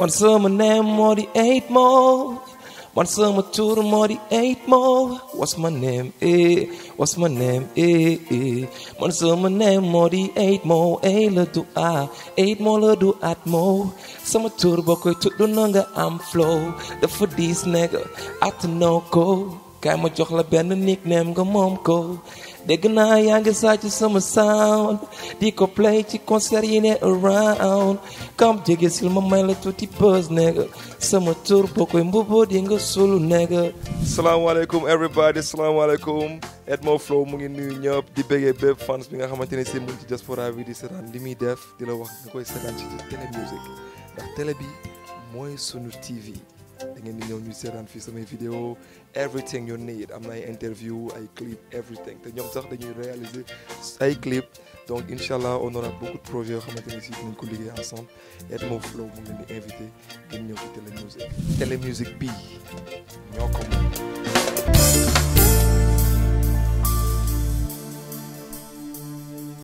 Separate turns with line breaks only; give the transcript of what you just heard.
One summer name more the eight more. One summer two the more the eight more. What's my name? Eh, what's my name? Eh, eh. One summer name more the eight more. Eh, le do a eight more le do at more. Summer two the boy to do nanga am flow. The for this nigga at no go. kaay ma jox la benn nickname nga moom ko dégg naa yaa ngi sàcc sama sound di ko play ci concert yi ne around comme jege sil ma may la tuuti buzz nigga sama tur boo koy mbubboo di nga sulu nigga salaamaaleykum
everybody salaamaaleykum moo Flow mu ngi nuyu ñëpp di bëggee bépp fans bi nga xamante ne si mu ngi ci diaspora bi di seetaan li muy def di la wax nga koy seetaan ci télé musique ndax télé bi mooy sunu TV da ngeen di ñëw ñu seetaan fii vidéo everything you need am na interview I clip everything te ñoom sax dañuy réaliser ay clip donc Inch'Allah, on aura beaucoup de projets yoo xamante ne si dinañ ko liggéey ensemble Edmo Flow mu ngi leen di invité ngeen ñëw ci Télé Musique Télé Musique bii ñoo